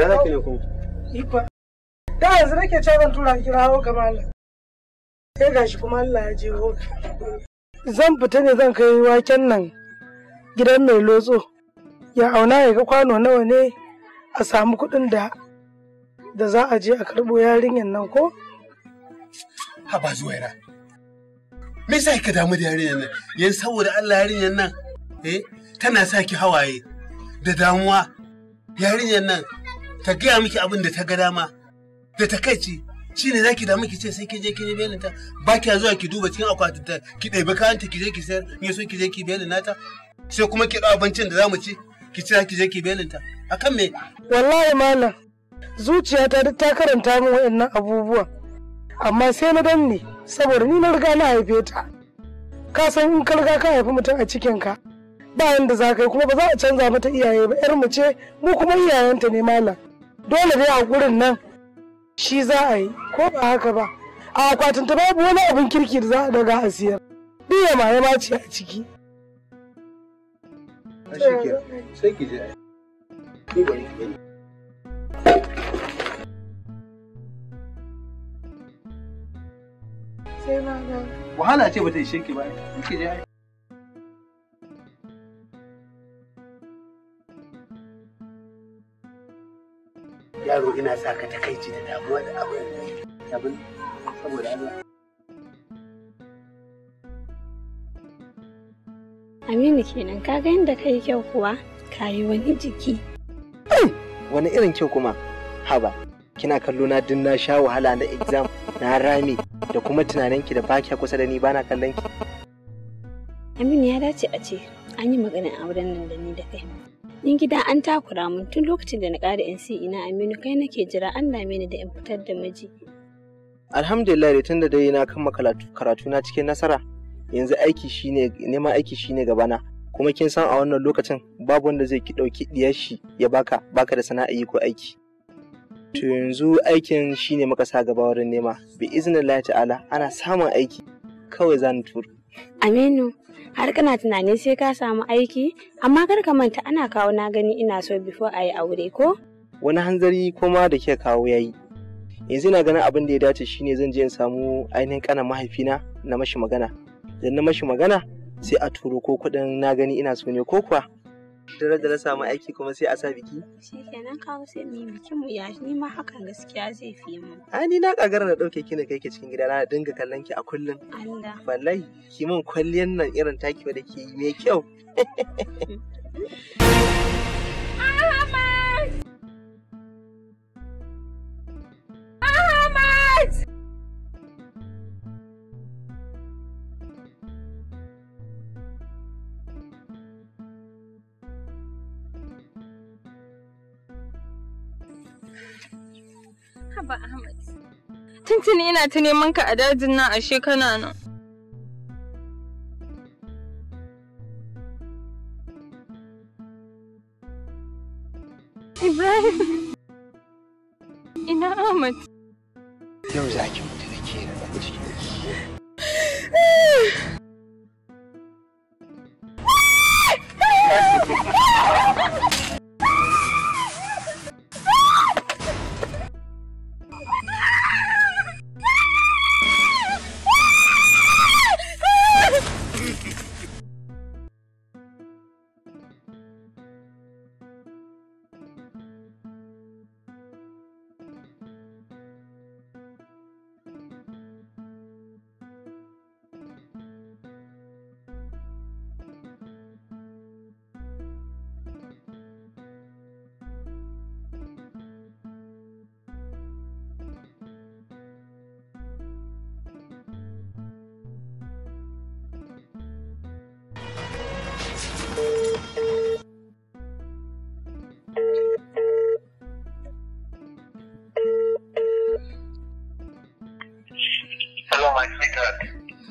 Ina za ki ne kuma? Ifa. Da yanzu nake ce zan tura ki kira hau kamar Allah. Sai gashi kuma Allah ya je hoka. Zan fita ne zan kai waken nan gidan mai lotso. Ya auna ya ga kwano nawa ne a samu kuɗin da da za a je a karɓo yarinyar nan ko? Haba zuwaira. Me yasa ka damu da yarinyar nan? Yanzu saboda Allah yarinyar nan eh tana sa ki hawaye da damuwa. Yarinyar nan ta gaya miki abin da ta ga dama da ta kai ce shi ne za ki damu ki ce sai ki je ki belin ta ba ki zuwa ki duba cikin akwatin ta ki ɗebi kayan ta ki je ki sayar in so ki je ki belin nata sai kuma ki ɗau abincin da za mu ci ki ce ki je ki belinta. ta akan me wallahi malam zuciyata duk ta karanta min wa'annan abubuwa amma sai na danne saboda ni na riga na haife ta ka san in ka riga ka haifi mutum a cikin ka ba yanda za ka yi kuma ba za a canza mata iyaye ba yar mu ce mu kuma iyayenta ne malam dole dai a gurin nan shi za a yi ko ba haka ba a akwatin ta babu wani abin kirki da za a daga a siyar biya ya mace a ciki wahala ce ta ishe ki ba ki je yaro ina sa ka takaici da damuwa da abin abin saboda Aminu kenan ka ga yadda yi kyau kuwa ka yi wani jiki. Wani irin kyau kuma? Haba, kina kallo na din na sha wahala na exam na rami da kuma tunaninki da baki kusa da ni bana kallon ki. Aminu ya dace a ce an yi maganin auren nan da ni da kai. in gida an takura mun tun lokacin da na ƙara si ina Aminu kai nake jira an dame ni da in fitar da miji. Alhamdulillah tun da dai na kama karatu na cikin nasara yanzu aiki shine neman aiki shine gabana kuma kin san a wannan lokacin babu wanda zai ki ɗauki diyar shi ya baka baka da sana'a yi ko aiki. To yanzu aikin shine muka sa gaba wurin nema bi iznillahi ta'ala ana samun aiki kawai za ni turu. Aminu, har kana tunanin sai ka samu aiki, amma kar ka manta ana kawo na gani ina so before a yi aure ko? Wani hanzari kuma da ke kawo yayi. Yanzu na ganin abin da ya dace shine zan je in samu ainihin kanan mahaifina na mashi magana. Idan na mashi magana sai a turo ko kuɗin na gani ina so ne ko kuwa? dare da na samu aiki kuma sai a sa biki Shikenan kawo sai mu yi bikin mu ya ni ma hakan gaskiya zai fi mu ai ni na kagara na dauke ki na kai ki cikin gida na dinga kallon ki a kullum Allah wallahi ki mun kwalliyan nan irin taki da ke yi mai kyau tun ina ta neman ka a dajin nan ashe kana nan.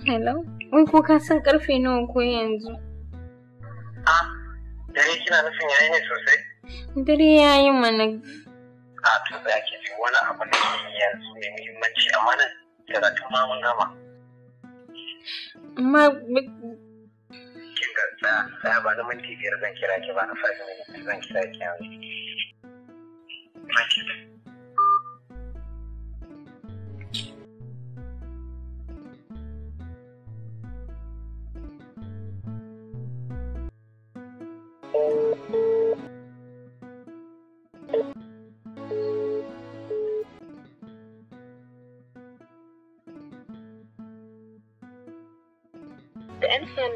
Hello? Wai ko ka karfe nawa ko yanzu? A, ah, dare kina nufin yayi ne sosai? Dare yayi mana. A, ah, to za ki ji wani abu ne yanzu mai muhimmanci amma nan karatu ma mun gama. Amma kin ga tsaya ba na minti biyar zan kira ki ba na 5 minutes zan kira ki yanzu. Ma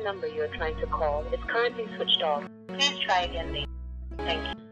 number you are trying to call is currently switched off. Please try again later. Thank you.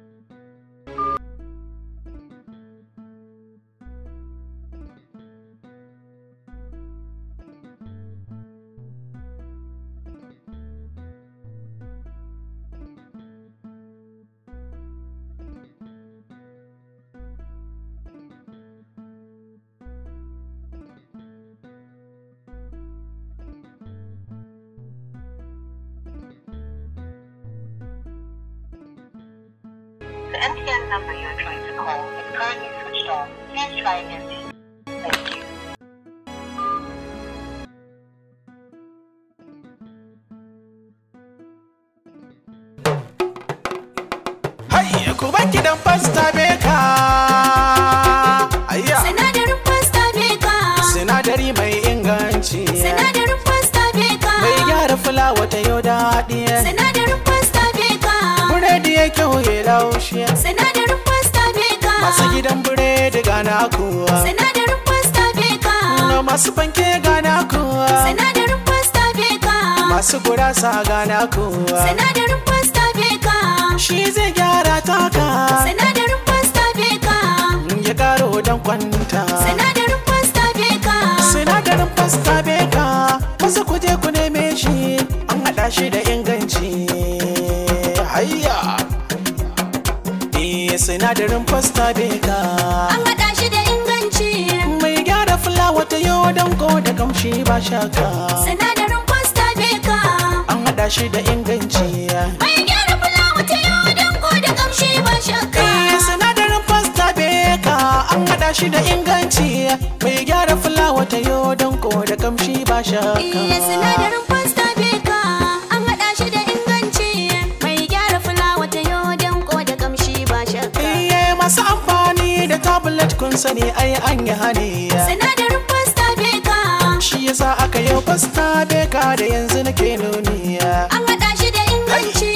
faɗiye sinadarin pasta beka buredi ya yake huye laushiye sinadarin pasta beka masu gidan buredi gana kuwa sinadarin pasta beka na masu fanke gana kuwa sinadarin pasta beka masu gurasa gana kuwa sinadarin pasta beka shi zai gyara taka sinadarin pasta beka ya karo dan kwanta sinadarin pasta beka sinadarin pasta beka wasu kuje ku neme shi haɗa shi da inganci hayya eh sinadarin pasta beka an haɗa shi da inganci mai gyara fulawa ta yau danko da kamshi ba shaka sinadarin pasta beka an haɗa shi da inganci mai gyara fulawa ta yau danko da kamshi ba shaka eh sinadarin pasta beka an haɗa shi da inganci mai gyara fulawa ta yau danko da kamshi ba shaka eh sinadarin kun sani ai an yi hane sinadarin pasta beka shi yasa aka yi pasta beka da yanzu nake nuni an haɗa shi da inganci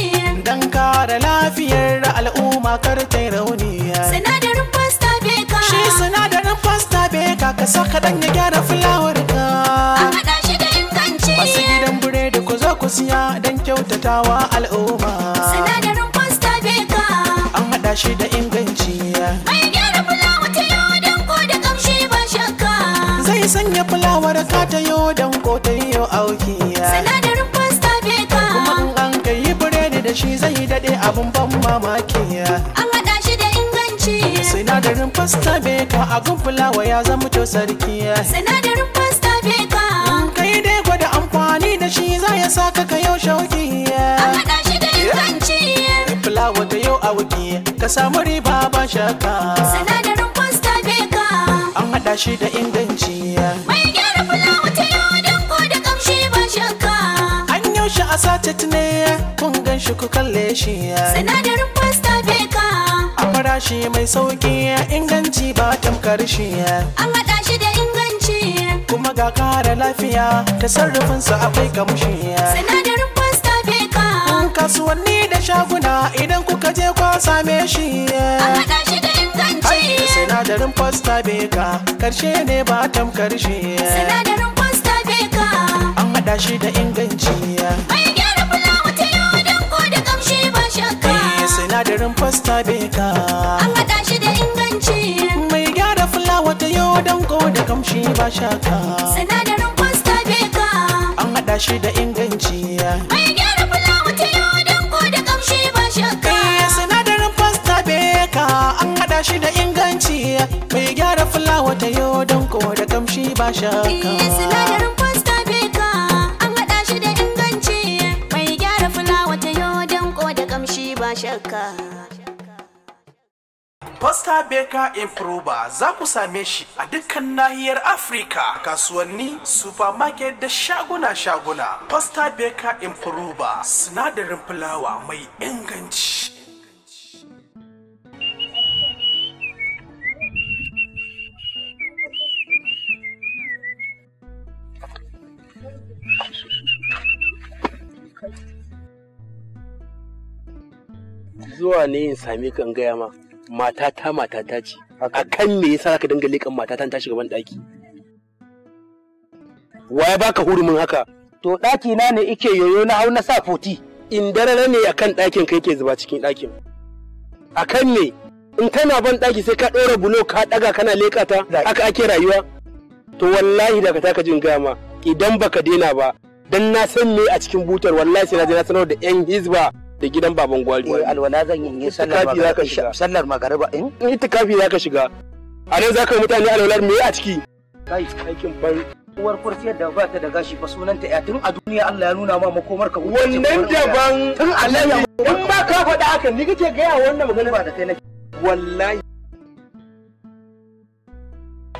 dan kare lafiyar al'umma kar ta rauni sinadarin pasta beka shi sinadarin pasta beka ka saka dan ya gyara fulawar ka an haɗa shi da inganci masu gidan biredi ku zo ku siya dan kyautatawa al'umma ta yo dan ko ta yo aukiya sinadarin pasta beta kuma in an kai biredi da shi zai dade abun ban mamaki an hada shi da inganci sinadarin pasta beta a gun fulawa ya zama to sarki sinadarin pasta beka kai dai gwada amfani da shi za ya saka ka yau shauki an hada shi da inganci fulawa ta yo auki ka samu riba ba shaka sinadarin pasta beta an hada shi da inganci set ne kun gan shi ku kalle shi sinadarin pasta beka a farashi mai sauki inganci ba tamkar shi an haɗa shi da inganci kuma ga kare lafiya ta sarrafinsa akwai kamshi sinadarin pasta beka kasuwanni da shaguna idan kuka je kwa same shi an haɗa shi da inganci sinadarin pasta beka karshe ne ba tamkar shi sinadarin pasta beka an haɗa shi da inganci sinadarin pasta beka an haɗa shi da inganci mai gyara fulawa ta yau danko da kamshi ba shaka sinadarin pasta beka an haɗa shi da inganci mai gyara fulawa ta yau danko da kamshi ba shaka eh, sinadarin pasta beka an haɗa shi da inganci mai gyara fulawa ta yau danko da kamshi ba shaka eh, sinadarin shakka Pasta Baker Improver za ku same shi a dukkan nahiyar Afirka kasuwanni, supermarket da shaguna-shaguna. Pasta Baker Improver sinadarin fulawa mai inganci. zuwa ne in sami kan gaya ma matata matata ce a kan me yasa ka dinga leƙan matata ta shiga ban ɗaki ya baka hurumin haka to ɗaki na ne ike yoyo na hau na sa foti in darare ne akan ɗakin kai ke zuba cikin ɗakin kan me in kana ban ɗaki sai ka ɗora bulo ka ɗaga kana leƙa ta haka ake rayuwa to wallahi daga taka jin ma. idan baka daina ba dan na san me a cikin butar wallahi sai na je na sanar da yan hizba da gidan baban gwari eh alwala zan yi sallar magariba sallar eh? magariba in itikafi ka shiga a nan yi mutane alwalar me a ciki kai aikin ban uwar kurciyar da ba ta da gashi ba sunanta ya tun a duniya Allah ya nuna ma makomar ka wannan daban tun Allah ya in ba ka faɗa haka ni kake gaya wannan magana ba da kai nake wallahi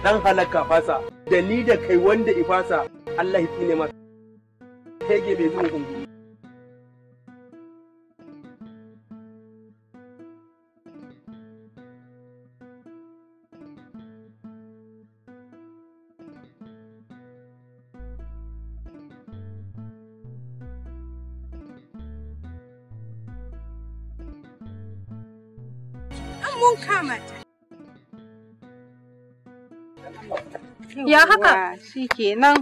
dan halaka fasa da ni da kai wanda ifasa Allah ya tsine maka Hege bai zuwa kungu mun kama Ya haka? Shi kenan.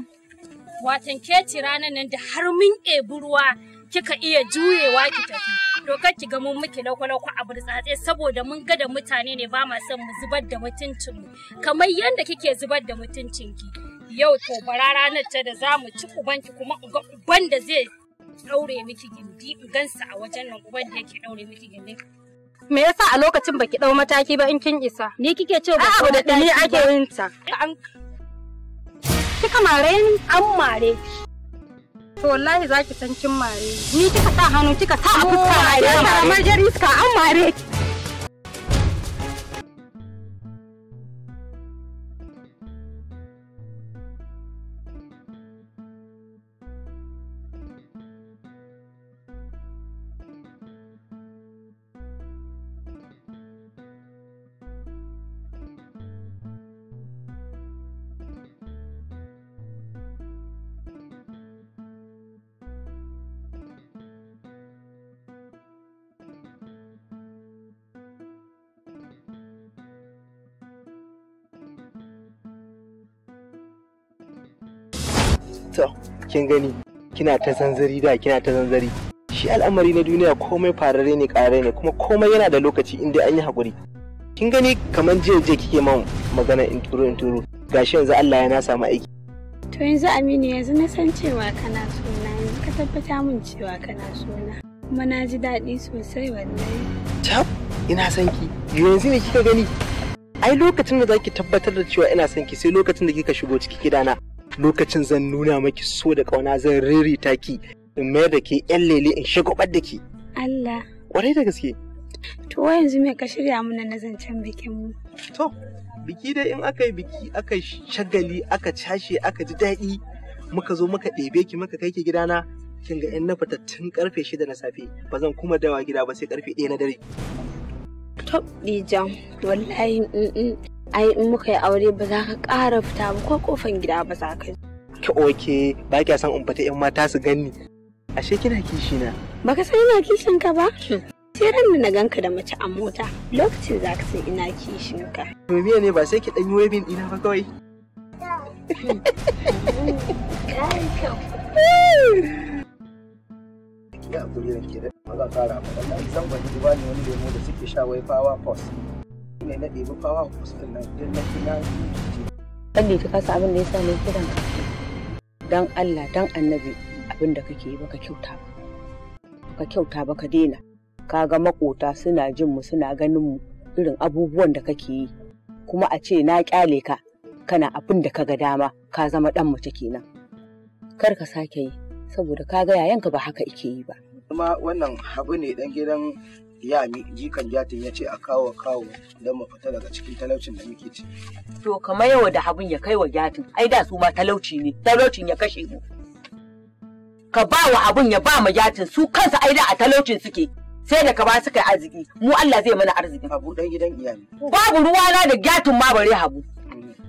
Watan keci ranar nan da har mun ebi ruwa kika iya juyewa ki tafi. To ki ga mun muke laukwalauku a burtsatse saboda mun ga da mutane ne ba ma son mu zubar da mutuncinmu. Kamar yadda kike zubar da mutuncinki. Yau to bara ranar ta da za mu ci ubanki kuma uban da zai daure miki gindi in gansa a wajen nan uban da yake daure miki gindi me yasa a lokacin baki dau mataki ba in kin isa ni kike ce ba ko da dani ake yin ta an kika mare ni an mare to wallahi zaki san kin mare ni kika sa hannu kika sa a fuska oh kamar jariska an mare ki kin gani kina ta zanzari da kina ta zanzari shi al'amari na duniya komai farare ne ƙare ne kuma komai yana da lokaci inda an yi haƙuri kin gani kamar jiya jiya kike man magana in turo in turo gashi yanzu Allah ya na samu aiki to yanzu Aminu yanzu na san cewa kana suna yanzu ka tabbata mun cewa kana suna kuma na ji daɗi sosai wallahi tab ina son ki yanzu ne kika gani ai lokacin da zaki tabbatar da cewa ina son ki sai lokacin da kika shigo ciki gidana lokacin zan nuna maki so da ƙauna zan ririta ki in mayar da ke yan lele in shagobar da ke. Allah. Kwarai da gaske. To yanzu me ka shirya mana na zancen bikin mu? To, biki dai in aka yi biki aka shagali aka cashe aka ji daɗi muka zo muka ɗebe ki muka kai ki gidana kin ga yan na fitattun karfe shida na safe ba zan kuma dawa gida ba sai karfe ɗaya na dare. Top Dijan, wallahi ai in muka yi aure ba za ka ƙara fita ba ko kofan gida ba za ka ki oke ba kya san in fita yan mata su ganni ashe kina kishi na baka san ina kishin ka ba sai ran da na ganka da mace a mota lokacin za ka san ina kishin ka to miya ne ba sai ki dan yi waving dina ba kawai ya kuri da ke da maza tara, ba dan san ban ji ba ne wani lemo da suke sha waifawa fos. mai daɗe ba kawo fuskar na don na kira Kalli ta kasa abin da ya sa ne kiran ka. Dan Allah dan annabi abin da kake yi baka kyauta ba. Ka kyauta ba ka daina. Ka ga makota suna jin mu suna ganin mu irin abubuwan da kake yi. Kuma a ce na kyale ka kana abin da ka ga dama ka zama dan mace kenan. Kar ka sake yi saboda ka ga yayanka ba haka ike yi ba. Kuma wannan abu ne dan gidan Ya mi jikan jatin ya ce a kawo kawo don mu fita daga cikin talaucin da muke ci. To kamar yau da abin ya kai wa jatin ai da su ma talauci ne talaucin ya kashe mu. Ka ba wa abin ya ba ma jatin su kansa ai da a talaucin suke. Sai da ka ba su kai arziki mu Allah zai mana arziki. Habu dan gidan iyali. Babu ruwa na da jatin ma bare habu.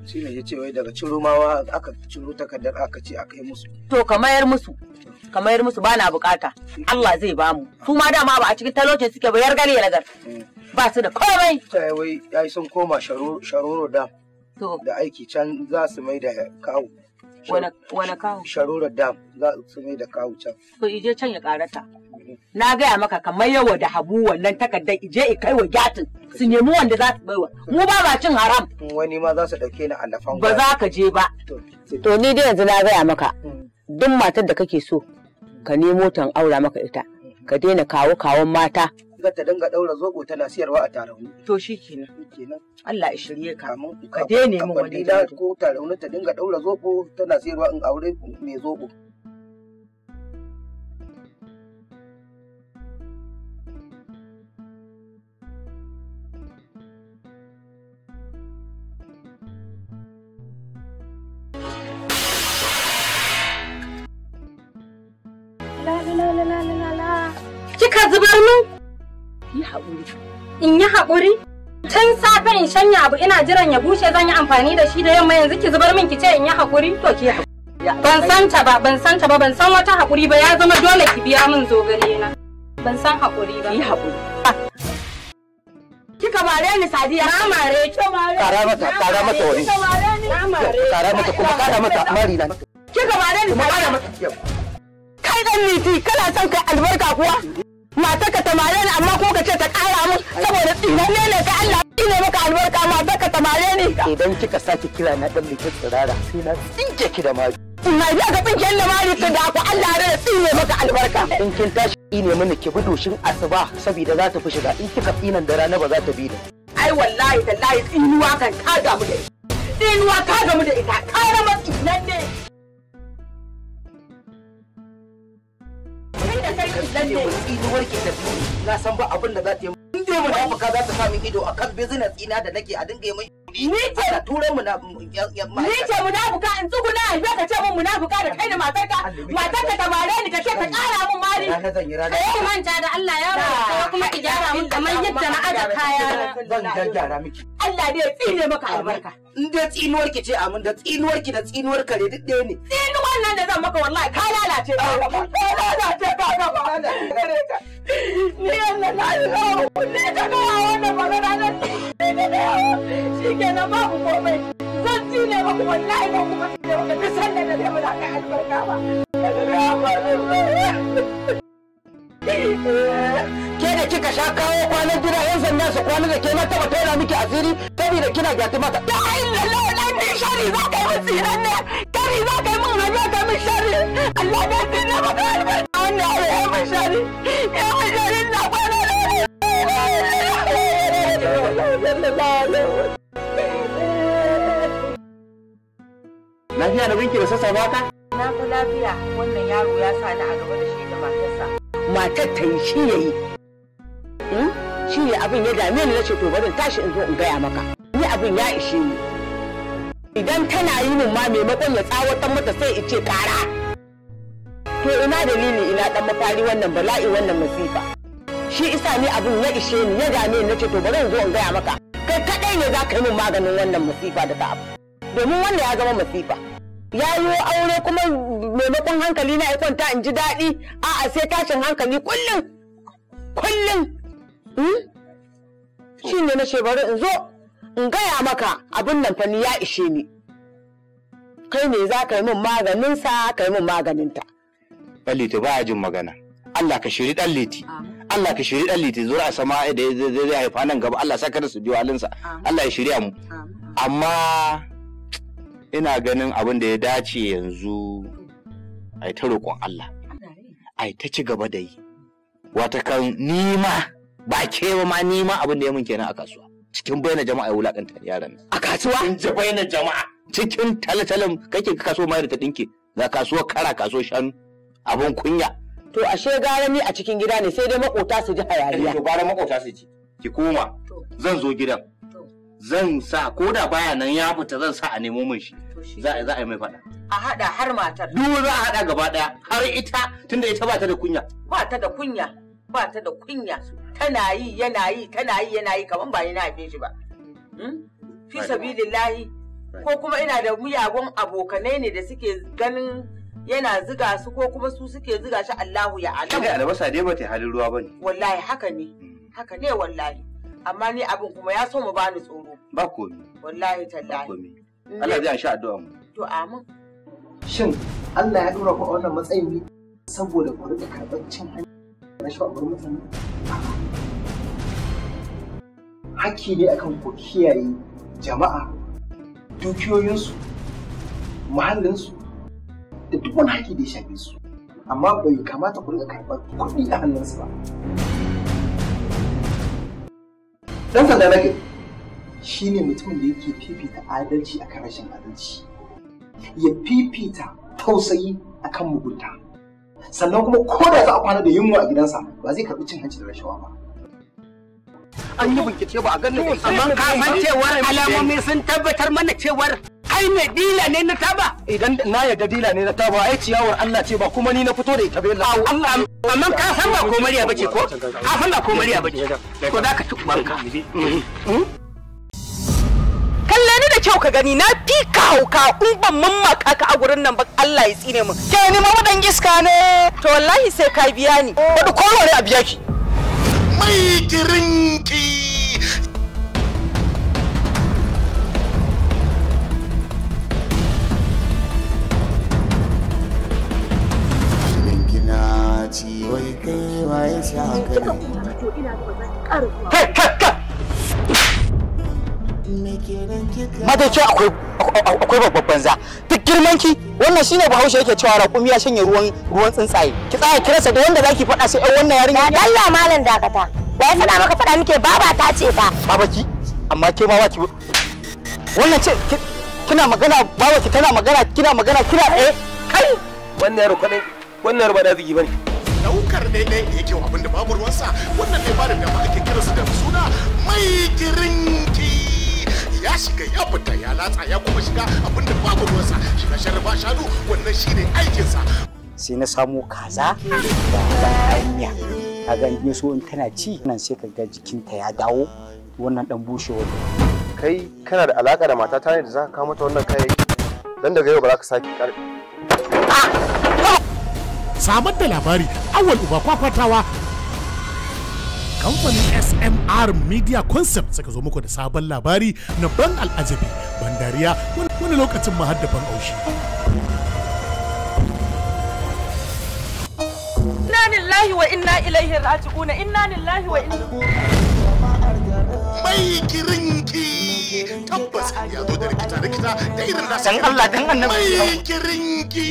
Shi ne ya ce wai daga ciro mawa aka ciro takardar aka ce a kai musu. To ka mayar musu. kamar yar musu bana bukata Allah zai bamu su ma dama ba a cikin talocin suke ba yargale nazar ba su da komai ta wai ai sun koma sharoro da da aiki can za su mai da kawo wani kawo sharoro da za su mai da kawo can to ije can ya karata na gaya maka kamar yawa da habu wannan takardar ije i kai wa gyatin su nemi wanda za su baiwa mu ba ba cin haram wani ma za su dauke ni allafan ba za ka je ba to ni dai yanzu na gaya maka mm. duk matar da kake so ka nemo tan aura maka ita ka daina kawo kawon mata ga ta dinga daura zobo tana siyarwa a tarauni to shikenan kenan Allah ya shirye ka ka daina mu wani ko tarauni ta dinga daura zobo tana siyarwa in aure mai zobo zubar mu? Yi haƙuri. In yi haƙuri? Tun safe in shanya abu ina jiran ya bushe zan yi amfani da shi da yamma yanzu ki zubar min ki ce in yi haƙuri? To ki haƙuri. Ban san ta ba, ban san ta ba, ban san wata haƙuri ba ya zama dole ki biya min zogale na. Ban san haƙuri ba. Yi haƙuri. Ah. Kika mare ni Sadiya. Na mare ki. Kara mata, kara mata wani. Na mare. Kara mata kuma kara mata mari na. Kika mare ni Sadiya. Kai dan miti kana son kai albarka kuwa? matarka tamare ni amma ko ka ce ta kara mun saboda tsinanne ne ka Allah ne maka albarka matarka tamare ni idan kika sake kira na dan mai tsirara sai na tsinke ki da mari ina ji ka tsinke ni da mari ka da ku Allah ne da tsine maka albarka in kin tashi ne mini ki bi doshin asuba saboda za ta fi shiga in kika tsinan da rana ba za ta bi da ai wallahi tallahi tsinuwa kan ka mu da ita tsinuwa ka mu da ita kara mun tsinanne kan ido ido warke da na san ba abin da za ta yi mun dai mun za ta sa min ido akan business ina da nake a dinga yi kuɗi. Ni ce da turan munafuka. Ni ce munafuka in tsuguna a biya ka ce mun munafuka da kai da matarka. Matarka ta bare ni ka ce ka ƙara mun mari. Ka yi manta da Allah ya ba kuma ki gyara mun kamar yadda na aza kaya. Zan gyara miki. Allah ne ya tsine maka albarka. In tsinuwar ki ce amin da tsinuwar ki da tsinuwar kare duk ɗaya ne. Tsinuwar nan da zan maka wallahi ka lalace ka Ka lalace ka gaba. Ni Allah na Allah. Ne ta kawo wannan magana ɗaya da yawa shi kenan da zai muna kai albarka ba ke da kika sha kawo kwanan gida yan sanda su kwana da ke na taba tona miki asiri kina gati mata da ayin lallau dan ne shari za ka yi min tsiran ne kari za ka yi min hanya ka min shari Allah da tsira maka albarka wannan ya min shari ya min shari na kwana da ne Lafiya da binki da sassa baka? Na fi lafiya wannan yaro ya sa ni a gaba da shi da matarsa. Matar ta yi shi ya yi. Hmm? Shi ne abin ya dame ni na ce to bari tashi in zo in gaya maka. Ni abin ya ishe ni. Idan tana yi min ma maimakon ya tsawatar mata sai in ce kara. To ina dalili ina dan mafari wannan bala'i wannan masifa. Shi isa ni abin ya ishe ni ya dame ni na ce to bari in zo in gaya maka. kai ne za ka yi min maganin wannan masifa da ta abu domin wanda ya zama masifa ya yi aure kuma maimakon hankali na ya kwanta in ji daɗi a'a sai tashin hankali kullum kullum hmm? shi ne na shebaru in zo in gaya maka abin nan fani ya ishe ni kai ne za ka yi min maganinsa ka yi min maganinta. Ɗan ba ya jin magana. Allah ka shiri ɗan Liti. Allah ka shiri dan liti zura sama da zai haifa nan gaba Allah saka da su biyo halinsa Allah ya shirya mu amma ina ganin abin da ya dace yanzu ai ta roƙon Allah ai ta ci gaba da yi wata kan nima ba ke ba ma nima abin da ya mun kenan a kasuwa cikin bayyana jama'a ya wulakanta yaran a kasuwa in ji bayyana jama'a cikin talatalin kake kaso mai da ta dinke ga kasuwa kara kaso shanu abin kunya to ashe gara ni a cikin gida ne sai dai makota su ji hayaniya eh, to gara makota su ji ki koma zan zo gidan zan sa ko da baya nan ya fita zan sa a nemo min shi za a yi mai faɗa a haɗa har matar duk za a haɗa gaba ɗaya har ita tunda ita ba ta da kunya ba ta da kunya ba ta da kunya tana yi yana yi tana yi yana yi kamar ba ni na haife shi ba hmm? fi sabilillahi ko kuma ina da miyagun abokanai ne da suke ganin yana ziga su ko kuma su suke ziga shi Allahu ya alam. Kai albasa dai bata halin ruwa bane. Wallahi haka ne. Hmm. Haka ne wallahi. Amma ni abin kuma ya so mu bani tsoro. Ba komi. Wallahi tallahi. Ba mm. Allah zai sha addu'a mu. To amin. Shin Allah ya dora ku a wannan matsayin ne saboda ku rika karɓar cin hanci na shawarar mutane. Haki ne akan ku kiyaye jama'a dukiyoyinsu muhallinsu da duk wani haƙƙi da ya shafe su amma bai kamata ku riƙa karɓar kuɗi a hannunsu ba ɗan sanda na shi ne mutumin da yake fifita adalci akan rashin adalci ya fifita tausayi a kan mugunta sannan kuma ko da za a kwana da yunwa a gidansa ba zai karɓi cin hanci da rashawa ba an yi bincike ba a ganin amma kamar cewar alamomi sun tabbatar mana cewar ai mai dila ne na taba idan na yarda dila ne na taba ai ciyawar Allah ce ba kuma ni na fito da ita bai Allah amma ka san ba ko mariya bace ko ka san ba ko mariya bace ko zaka ci ubanka hmm? kalle ni da kyau ka gani na fi ka hauka in ban mammaka ka a gurin nan ba Allah ya tsine mu ke ni ma wadan iska ne to wallahi sai ka biya ni wadu ko a biya ki mai kirin kika kuma akwai babban za duk girman ki wannan shine bahaushe yake cewa raƙumi ya shanye ruwan ruwan tsuntsaye ki tsaya kiransa da wanda zaki faɗa sai ɗan wannan yarinya da Allah malam dakata da ya faɗa maka faɗa muke baba ta ce fa baba ki amma ke ma waki wannan ce kina magana baba ki tana magana kina magana kina eh kai wannan yaro kadai wannan yaro ba da zigi bane daukar ne da yake wa abinda babu ruwansa wannan ne ba da dama kira su da suna mai girinki ya shiga ya fita ya latsa ya kuma shiga abinda babu ruwansa shiga sharri ba shanu wannan shine aikinsa sai na samo kaza da hanya kaga in so in tana ci nan sai jikin jikinta ya dawo wannan dan bushewar kai kana da alaka da matata ne da zaka kawo mata wannan kai dan daga yau ba za ka sake karfi samar da labari awal uba kwakwatawa kamfanin smr media concept suka zo muku da sabon labari na ban al'ajabi ban dariya wani lokacin ma da ban aushi inna lillahi wa inna ilaihi raji'una inna lillahi wa inna mai kirinki tabbas ya zo da rikita rikita da irin nasa dan Allah dan annabi mai kirinki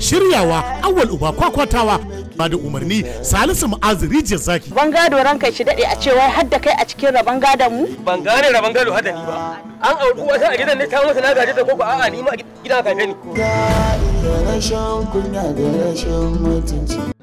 shiryawa awwal uba kwakwatawa ba da umarni salisu ma'azu rijiyar zaki ban gado ranka shi dade a cewa har hadda kai a cikin raban gadon mu ban gane raban gado har ni ba an auri uwata a gidan ne ta masa na gaje ta koko a'a ni ma gidan ka ne ni ga rashin kunya ga rashin mutunci